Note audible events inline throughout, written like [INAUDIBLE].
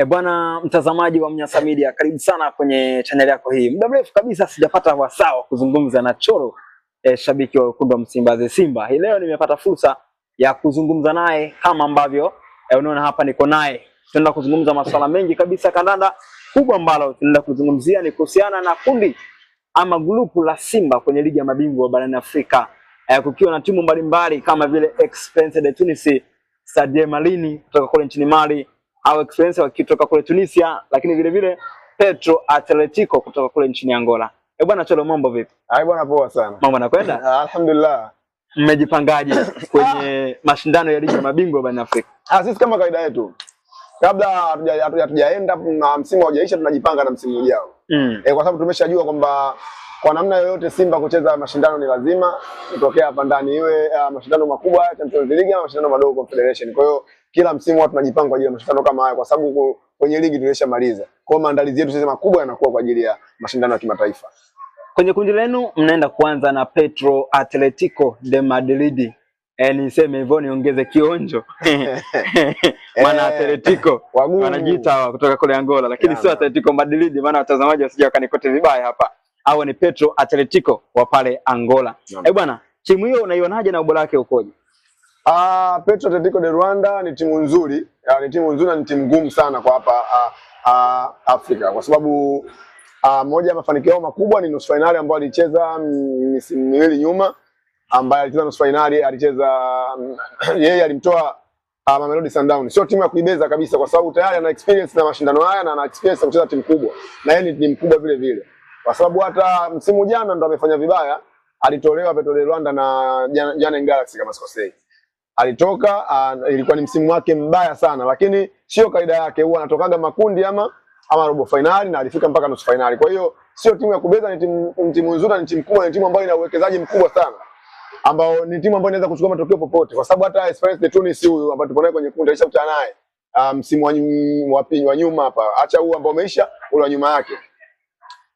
E bwana mtazamaji wa Mnyasa Media, karibu sana kwenye chaneli yako hii. Muda mrefu kabisa sijapata wasaa wa kuzungumza na Choro e, shabiki wa wekundu wa Msimbazi Simba. Hii leo nimepata fursa ya kuzungumza naye kama ambavyo e, unaona hapa niko naye. Tunaenda kuzungumza masuala mengi kabisa kandanda. Kubwa ambalo tunaenda kuzungumzia ni kuhusiana na kundi ama grupu la Simba kwenye ligi ya mabingwa barani Afrika e, kukiwa na timu mbalimbali kama vile Esperance de Tunis, Stade Malini kutoka kule nchini Mali au Experience wakitoka kule Tunisia, lakini vile vile Petro Atletico kutoka kule nchini Angola. Eh, bwana Cholo, mambo vipi? Hai bwana, poa sana. Mambo yanakwenda? Ah, alhamdulillah. Mmejipangaje [LAUGHS] kwenye mashindano ya ligi ya mabingwa barani Afrika? Ah, sisi kama kawaida yetu kabla hatujaenda na msimu haujaisha, tunajipanga na msimu ujao mm. E, kwa sababu tumeshajua kwamba kwa namna yoyote Simba kucheza mashindano ni lazima kutokea hapa ndani, iwe uh, mashindano makubwa Champions League ama mashindano madogo Confederation. Kwa hiyo kila msimu watu tunajipanga kwa ajili ya mashindano kama haya, kwa sababu kwenye ligi tulishamaliza. Kwa hiyo maandalizi yetu sasa makubwa yanakuwa kwa ajili ya mashindano ya kimataifa. Kwenye kundi lenu mnaenda kuanza na Petro Atletico de Madrid. Eh, niseme hivyo niongeze kionjo. [LAUGHS] [LAUGHS] Maana eh, Atletico [LAUGHS] wanajiita kutoka kule Angola, lakini sio Atletico Madrid, maana watazamaji wasije wakanikote vibaya hapa. Hao ni Petro Atletico wa pale Angola. Eh, bwana, timu hiyo unaionaje na ubora wake ukoje? Ah, Petro Atletico de Rwanda ni timu nzuri, ah, ni timu nzuri na ni timu ngumu sana kwa hapa ah, ah, Afrika kwa sababu Uh, moja ya mafanikio yao makubwa ni nusu fainali ambayo alicheza mm, misimu miwili nyuma, ambaye alicheza nusu fainali alicheza mm, [CLEARS THROAT] yeye alimtoa uh, Mamelodi Sundowns. Sio timu ya kuibeza kabisa, kwa sababu tayari ana experience na mashindano haya na ana experience kucheza timu kubwa, na yeye ni timu kubwa vile vile, kwa sababu hata msimu jana ndo amefanya vibaya, alitolewa Petro de Rwanda na Jana Galaxy kama sikosei alitoka uh, ilikuwa ni msimu wake mbaya sana, lakini sio kaida yake, huwa anatokaga makundi ama ama robo finali na alifika mpaka nusu finali. Kwa hiyo sio timu ya kubeza, ni timu timu nzuri, ni timu kubwa, ni timu ambayo ina uwekezaji mkubwa sana, ambao ni timu ambayo inaweza kuchukua matokeo popote, kwa sababu hata Esperance de Tunis huyu ambaye tupo naye kwenye kundi alishakutana naye ah, msimu um, wa wa nyuma hapa, acha huu ambao umeisha, ule wa nyuma yake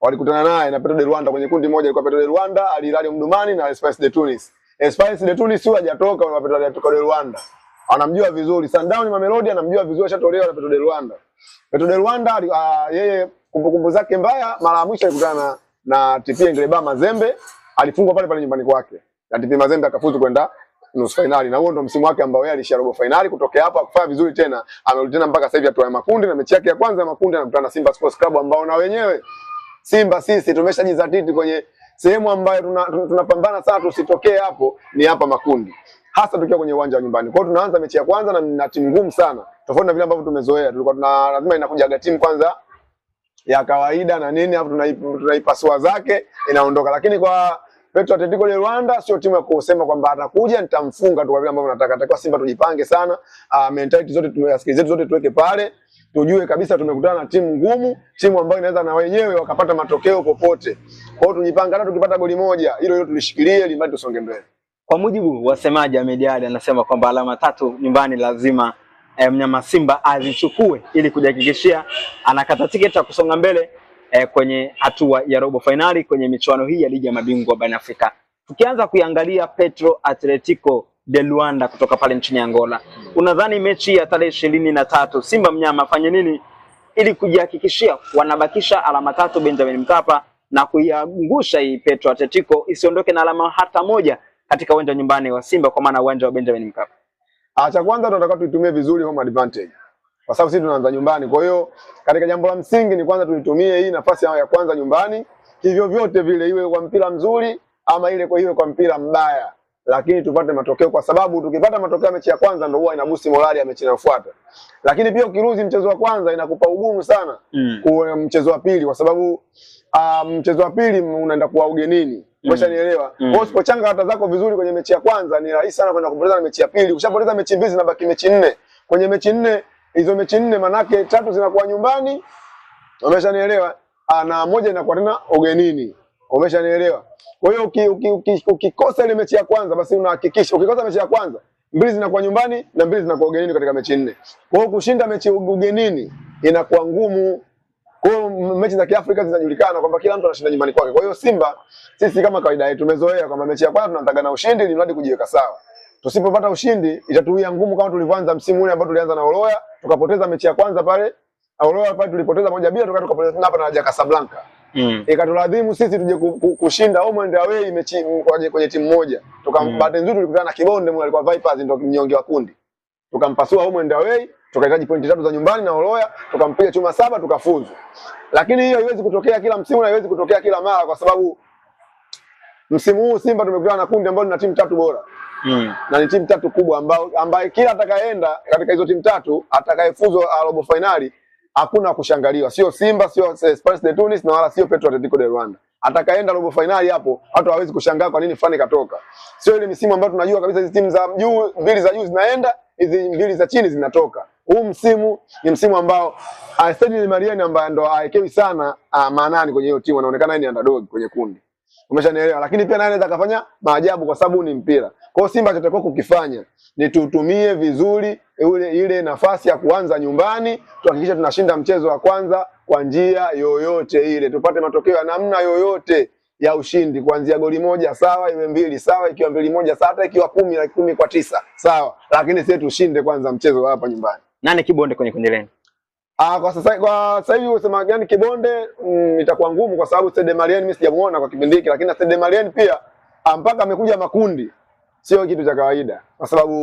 walikutana naye na Petro de Rwanda kwenye kundi moja, ilikuwa Petro de Rwanda, Al Hilal Omdurman na Esperance de Tunis Esperance eh, Letuli sio hajatoka na Petro Atletico de Rwanda. Anamjua vizuri. Sundown Mamelodi anamjua vizuri ashatolewa na Petro de Rwanda. Petro de Rwanda uh, yeye kumbukumbu zake mbaya mara ya mwisho alikutana na na TP Engleba Mazembe, alifungwa pale pale nyumbani kwake. Na TP Mazembe akafuzu kwenda nusu finali na huo ndo msimu wake ambao yeye alishia robo finali Kutokea hapo akufanya vizuri tena, amerudi tena mpaka sasa hivi atoa makundi, na mechi yake ya kwanza ya makundi anakutana na Simba Sports Club ambao na wenyewe Simba sisi tumeshajizatiti kwenye Sehemu ambayo tunapambana tuna, tuna sana tusitokee hapo ni hapa makundi, hasa tukiwa kwenye uwanja wa nyumbani. Kwa hiyo tunaanza mechi ya kwanza na, na timu ngumu sana, tofauti na vile ambavyo tumezoea. Tulikuwa tuna lazima ga timu kwanza ya kawaida na nini, hapo tunaipasua zake inaondoka, lakini kwa Petro Atletico de Rwanda sio timu ya kusema kwamba atakuja nitamfunga tu kwa vile ambavyo nataka. Takiwa Simba tujipange sana, uh, mentality zote zetu zote tuweke pale tujue kabisa tumekutana na timu ngumu, timu ambayo inaweza na wenyewe wakapata matokeo popote. Kwa hiyo tujipanga, hata tukipata goli moja hilo hilo tulishikilie, ili mradi tusonge mbele. Kwa mujibu wa semaji Ahmed Ally anasema kwamba alama tatu nyumbani lazima eh, mnyama Simba azichukue ili kujihakikishia anakata tiketi ya kusonga mbele eh, kwenye hatua ya robo fainali kwenye michuano hii ya ligi ya mabingwa barani Afrika. Tukianza kuiangalia Petro Atletico de Luanda kutoka pale nchini Angola. Unadhani mechi ya tarehe ishirini na tatu Simba mnyama afanye nini ili kujihakikishia wanabakisha alama tatu Benjamin Mkapa na kuiangusha hii Petro Atletico isiondoke na alama hata moja katika uwanja nyumbani wa Simba kwa maana uwanja wa Benjamin Mkapa. Acha ah, kwanza tunataka tuitumie vizuri home advantage. Kwa sababu sisi tunaanza nyumbani. Kwa hiyo katika jambo la msingi ni kwanza tuitumie hii nafasi ya kwanza nyumbani. Hivyo vyote vile iwe kwa mpira mzuri ama ile kwa iwe kwa mpira mbaya lakini tupate matokeo, kwa sababu tukipata matokeo ya mechi ya kwanza ndio huwa inabusi morali ya mechi inayofuata. Lakini pia ukiruzi mchezo wa kwanza inakupa ugumu sana mm. kwa eh, mchezo wa pili, kwa sababu uh, mchezo wa pili unaenda kuwa ugenini Mwacha mm. nielewa. Mm. Usipochanga hata zako vizuri kwenye mechi ya kwanza ni rahisi sana kwenda kupoteza na mechi ya pili. Ukishapoteza mechi mbili na baki mechi nne. Kwenye mechi nne hizo mechi nne manake tatu zinakuwa nyumbani. Umeshanielewa? Ah, na moja inakuwa tena ugenini. Umeshanielewa? Kwa hiyo ukikosa uki, uki, uki, uki ile mechi ya kwanza basi unahakikisha ukikosa mechi ya kwanza mbili zinakuwa nyumbani na mbili zinakuwa ugenini katika mechi nne. Kwa hiyo kushinda mechi ugenini inakuwa ngumu. Kwa hiyo mechi za Kiafrika zinajulikana kwamba kila mtu anashinda nyumbani kwake. Kwa hiyo Simba sisi kama kawaida yetu tumezoea kwamba mechi ya kwanza tunataka na ushindi ili mradi kujiweka sawa. Tusipopata ushindi itatuia ngumu kama tulivyoanza msimu ule ambao tulianza na Oloya, tukapoteza mechi ya kwanza pale. Oloya pale tulipoteza moja bila tukapoteza hapa na Raja Casablanca. Mm. Ikatulazimu sisi tuje kushinda home and away mechi kwenye timu moja. Tukambate mm. nzuri tulikutana na Kibonde mwalikuwa Vipers ndio mnyonge wa kundi. Tukampasua home and away, tukahitaji pointi tatu za nyumbani na Oloya, tukampiga chuma saba tukafuzu. Lakini hiyo haiwezi kutokea kila msimu na haiwezi kutokea kila mara kwa sababu msimu huu Simba tumekutana na kundi ambalo lina timu tatu bora. Mm. Na ni timu tatu kubwa ambao ambaye kila atakayeenda katika hizo timu tatu atakayefuzu robo finali hakuna kushangaliwa, sio Simba, sio Esperance eh, de Tunis na wala sio Petro Atletico de Rwanda. Atakaenda robo finali hapo, watu hawezi kushangaa kwa nini fani katoka. Sio ile misimu ambayo tunajua kabisa hizi timu za juu mbili za juu zinaenda, hizi mbili za chini zinatoka. Huu msimu ni msimu ambao ni ah, Mariani ambaye ndo aekewi sana ah, maanani kwenye hiyo timu, anaonekana ni underdog kwenye kundi, umeshanielewa. Lakini pia naye anaweza akafanya maajabu, kwa sababu ni mpira. Kwa hiyo Simba chotakiwa kukifanya ni tutumie vizuri ule ile nafasi ya kuanza nyumbani, tuhakikisha tunashinda mchezo wa kwanza kwa njia yoyote ile, tupate matokeo ya namna yoyote ya ushindi, kuanzia goli moja sawa, iwe mbili sawa, ikiwa mbili moja sawa, hata ikiwa kumi na kumi kwa tisa sawa, lakini sisi tushinde kwanza mchezo wa hapa nyumbani. Nani kibonde kwenye kundi lenu? Ah, kwa sasa kwa sasa hivi usema gani kibonde, mm, itakuwa ngumu kwa sababu Stade Malien mimi sijamuona kwa kipindi hiki, lakini Stade Malien pia ah, mpaka amekuja makundi sio kitu cha kawaida, kwa sababu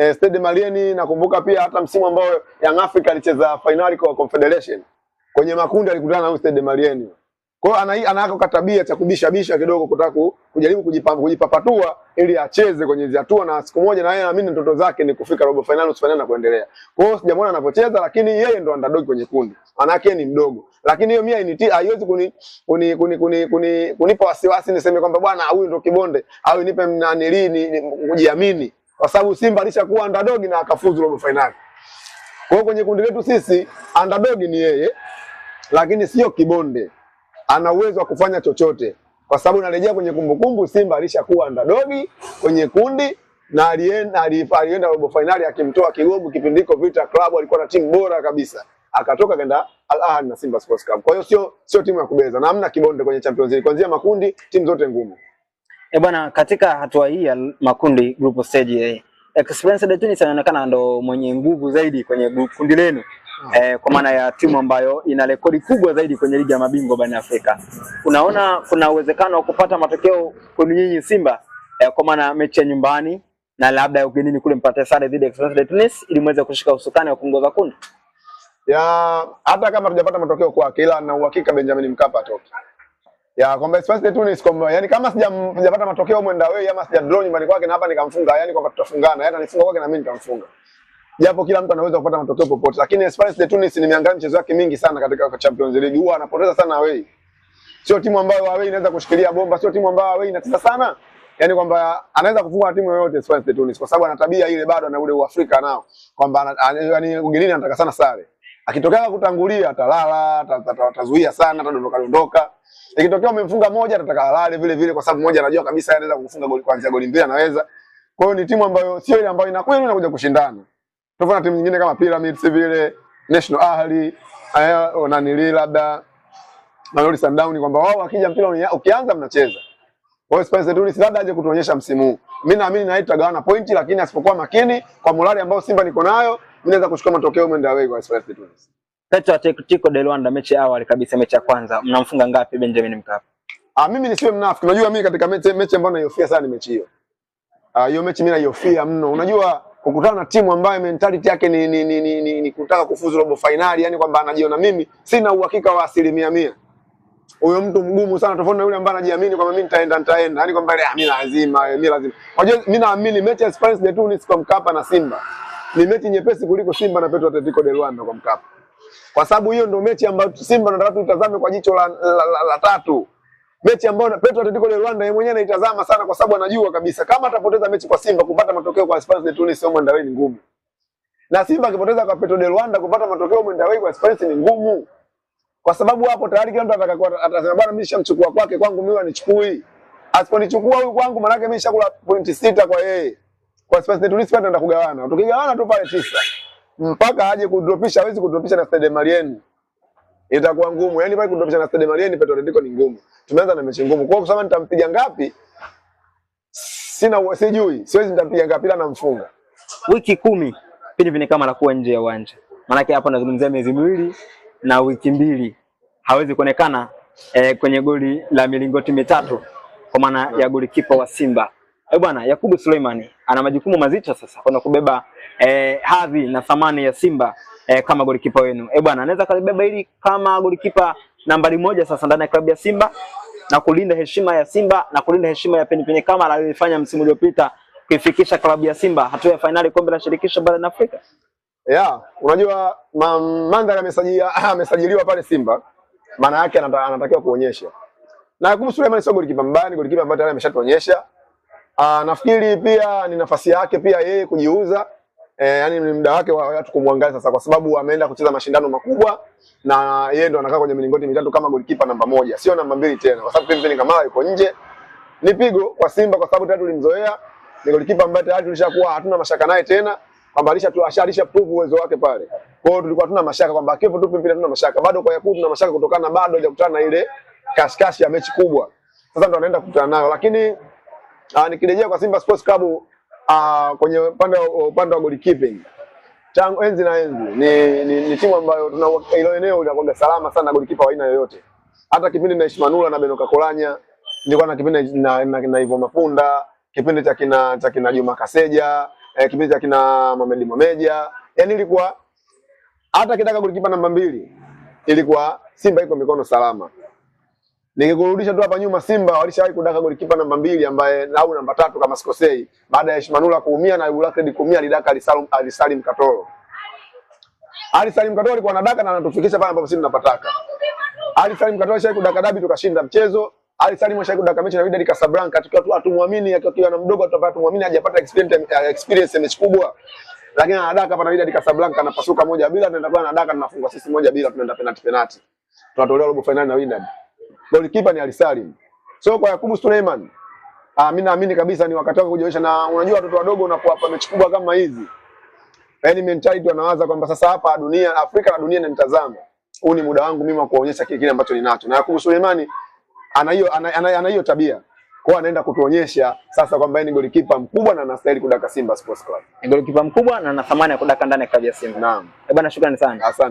eh, Stade Malieni. Nakumbuka pia hata msimu ambao Young Africa alicheza finali kwa Confederation kwenye makundi alikutana na Stade Malieni. Kwa hiyo ana anako katabia cha kubishabisha kidogo kutaka kujaribu kujipamba kujipapatua ili acheze kwenye hizo hatua na siku moja na yeye naamini ndoto zake ni kufika robo finali nusu finali na kuendelea. Kwa hiyo sijamwona anapocheza lakini yeye ndo underdog kwenye kundi. Manake ni mdogo. Lakini hiyo mimi hainitii haiwezi kuni kuni kuni, kuni, kunipa kuni kuni wasiwasi niseme kwamba bwana huyu ndo kibonde au nipe mnanili ni, ni, kujiamini kwa sababu Simba alishakuwa underdog na akafuzu robo finali. Kwa hiyo kwenye kundi letu sisi underdog ni yeye, lakini sio kibonde, ana uwezo wa kufanya chochote, kwa sababu narejea kwenye kumbukumbu, Simba alishakuwa underdog kwenye kundi na alienda alienda robo finali akimtoa Kigogo. Kipindi hiko Vita Club alikuwa na timu bora kabisa, akatoka kenda Al Ahly na Simba Sports Club. Kwa hiyo sio sio timu ya kubeza na hamna kibonde kwenye Champions League, kuanzia makundi timu zote ngumu. E bwana, katika hatua hii ya makundi group stage eh, Experience de Tunis anaonekana ndo mwenye nguvu zaidi kwenye kundi lenu ah. eh, kwa maana ya timu ambayo ina rekodi kubwa zaidi kwenye ligi ya mabingwa barani Afrika. Unaona kuna uwezekano wa kupata matokeo kwenu nyinyi Simba eh, kwa maana mechi ya nyumbani na labda ugenini kule mpate sare dhidi ya Esperance de Tunis ili muweze kushika usukani wa kuongoza kundi. Ya hata kama tujapata matokeo kwake, ila na uhakika Benjamin Mkapa atoki ya kwamba Spurs yetu Tunis kwamba yani kama sijapata matokeo mwenda wewe ama sija draw nyumbani kwake na hapa nikamfunga, yani kwamba tutafungana, yani anifunga kwake na mimi nitamfunga, japo kila mtu anaweza kupata matokeo popote, lakini Spurs de Tunis nimeangalia mchezo wake mingi sana katika Champions League, huwa anapoteza sana away. Sio timu ambayo away inaweza kushikilia bomba, sio timu ambayo away inatesa sana, yani kwamba anaweza kufunga na timu yoyote Spurs de Tunis, kwa sababu ana tabia ile, bado na ule uafrika nao kwamba yani ugenini anataka sana sare, akitokea kutangulia atalala, atazuia sana, atadondoka dondoka Ikitokea umemfunga moja nataka alale vile vile kwa sababu moja anajua kabisa anaweza kufunga goli kuanzia goli mbili anaweza. Kwa hiyo ni timu ambayo sio ile ambayo inakwenda inakuja kushindana. Tofauti na timu nyingine kama Pyramids vile, National Ahli, ayo eh, oh, nili labda Mamelodi Sundown kwamba wao wakija mpira ukianza mnacheza. Kwa hiyo Spencer Dunis labda aje kutuonyesha msimu huu. Mimi naamini na gawana pointi, lakini asipokuwa makini kwa morale ambayo Simba niko nayo, mimi naweza kuchukua matokeo mwendawe kwa Spencer Dunis kati ya Atletico de Luanda mechi ya awali kabisa, mechi ya kwanza, mnamfunga ngapi Benjamin Mkapa? Ah, mimi nisiwe mnafiki. Unajua mimi katika mechi mechi ambayo naihofia sana ni mechi hiyo. Ah, hiyo mechi mimi naihofia mno. Unajua kukutana na timu ambayo mentality yake ni ni, ni, ni, ni, ni kutaka kufuzu robo finali, yani kwamba anajiona mimi sina uhakika wa asilimia mia. Huyo mtu mgumu sana tofauti na yule ambaye anajiamini kwamba mimi nitaenda nitaenda, yani kwamba eh, mimi lazima, eh, mimi lazima. Unajua mimi naamini mechi ya Esperance de Tunis kwa Mkapa na Simba ni mechi nyepesi kuliko Simba na Petro Atletico de Luanda kwa Mkapa kwa sababu hiyo ndio mechi ambayo Simba nataka tuitazame kwa jicho la, la, la, la tatu, mechi ambayo Petro Atletico de Rwanda yeye mwenyewe anaitazama sana, kwa sababu anajua kabisa kama atapoteza mechi kwa Simba kupata matokeo kwa Esperance de Tunis sio Mwandawe ni ngumu, na Simba akipoteza kwa Petro de Rwanda kupata matokeo Mwandawe kwa Esperance ni ngumu, kwa sababu hapo tayari kila mtu atakakuwa atasema bwana, mimi nishamchukua kwake, kwangu mimi anichukui, asiponichukua huyu kwangu, maana yake mimi nishakula pointi sita kwa yeye, kwa Esperance de Tunis pia tunaenda kugawana, tukigawana tu pale tisa mpaka aje kudropisha, hawezi kudropisha na Stade Malien. Itakuwa ngumu. Yani pale kudropisha na Stade Malien Petro Atletico ni ngumu. Tumeanza na mechi ngumu. Kwa hiyo kusema nitampiga ngapi? Sina sijui. Siwezi nitampiga ngapi ila namfunga. Wiki kumi pindi vini kama anakuwa nje ya uwanja. Maanake hapa nazungumzia miezi miwili na wiki mbili. Hawezi kuonekana eh, kwenye goli la milingoti mitatu kwa maana ya golikipa wa Simba. Eh, bwana Yakubu Suleimani ana majukumu mazito sasa. Kuna kubeba eh, hadhi na thamani ya Simba eh, kama golikipa wenu. Eh bwana, anaweza kalibeba hili kama golikipa nambari moja sasa ndani ya klabu ya Simba na kulinda heshima ya Simba na kulinda heshima ya Peni Penipeni kama alivyofanya msimu uliopita kuifikisha klabu ya Simba hatua ya fainali kombe la shirikisho barani Afrika. Yeah, unajua mandhari [CLEARS THROAT] amesajiliwa amesajiliwa pale Simba, maana yake anatakiwa kuonyesha. Na kumbe Suleiman sio golikipa mbaya, ni golikipa ambaye tayari ameshatuonyesha. Ah, nafikiri pia ni nafasi yake pia yeye kujiuza eh, yani ni muda wake wa watu kumwangaza sasa, kwa sababu ameenda kucheza mashindano makubwa na yeye ndo anakaa kwenye milingoti mitatu kama goalkeeper namba moja, sio namba mbili tena, kwa sababu Pimpin Kamara yuko nje. Ni pigo kwa Simba kwa sababu tayari tulimzoea, ni goalkeeper ambaye tayari tulishakuwa hatuna mashaka naye tena kwamba alisha tu asharisha prove uwezo wake pale. Kwa hiyo tulikuwa tuna mashaka kwamba akiwepo tu Pimpin tuna mashaka. Bado kwa Yakubu tuna mashaka kutokana na bado hajakutana na ile kashikashi ya mechi kubwa. Sasa ndo anaenda kukutana nayo. Lakini ah, nikirejea kwa Simba Sports Club uh, kwenye upande wa upande wa goalkeeping tangu enzi na enzi ni, ni, ni timu ambayo tuna ile eneo linakuwa salama sana goalkeeper wa aina yoyote. Hata kipindi na Ishmanula na Benoka Kolanya nilikuwa na kipindi na, na, na Ivo Mafunda, kipindi cha kina cha kina Juma Kaseja, eh, kipindi cha kina Mamedi Mameja. yani ilikuwa hata kitaka goalkeeper namba mbili ilikuwa Simba iko mikono salama. Nikikurudisha tu hapa nyuma, Simba walishawahi kudaka golikipa namba mbili ambaye au namba tatu kama sikosei, baada ya Shimanula kuumia na Ibulakred kuumia, alidaka Alisalim, Alisalim Katoro. Alisalim Katoro alikuwa anadaka na anatufikisha pale ambapo sisi tunapataka. Alisalim Katoro alishawahi kudaka dabi tukashinda mchezo. Alisalim alishawahi kudaka mechi na Wydad Casablanca tukiwa tu hatumuamini, akiwa na mdogo tutapata tumuamini, hajapata experience eh, experience mechi kubwa. Lakini anadaka pana na Wydad Casablanca anapasuka moja bila, tunaenda kwa anadaka tunafunga sisi moja bila, tunaenda penalty penalty. Tunatolewa robo finali na Wydad. Golikipa ni Alisalim. So kwa Yakubu Suleiman, ah, mimi naamini kabisa ni wakati wake kujionyesha, na unajua watoto wadogo unapowapa mechi kubwa kama hizi, yaani mentality wanawaza kwamba sasa hapa dunia, Afrika na dunia inanitazama. Huu ni muda wangu mimi wa kuonyesha kile kile ambacho ninacho. Na Yakubu Suleiman ana hiyo ana hiyo tabia. Kwa anaenda kutuonyesha sasa kwamba yeye ni golikipa mkubwa na anastahili kudaka Simba Sports Club. Ni golikipa mkubwa na ana thamani ya kudaka ndani ya klabu ya Simba. Naam. Eh, bwana shukrani sana. Asante.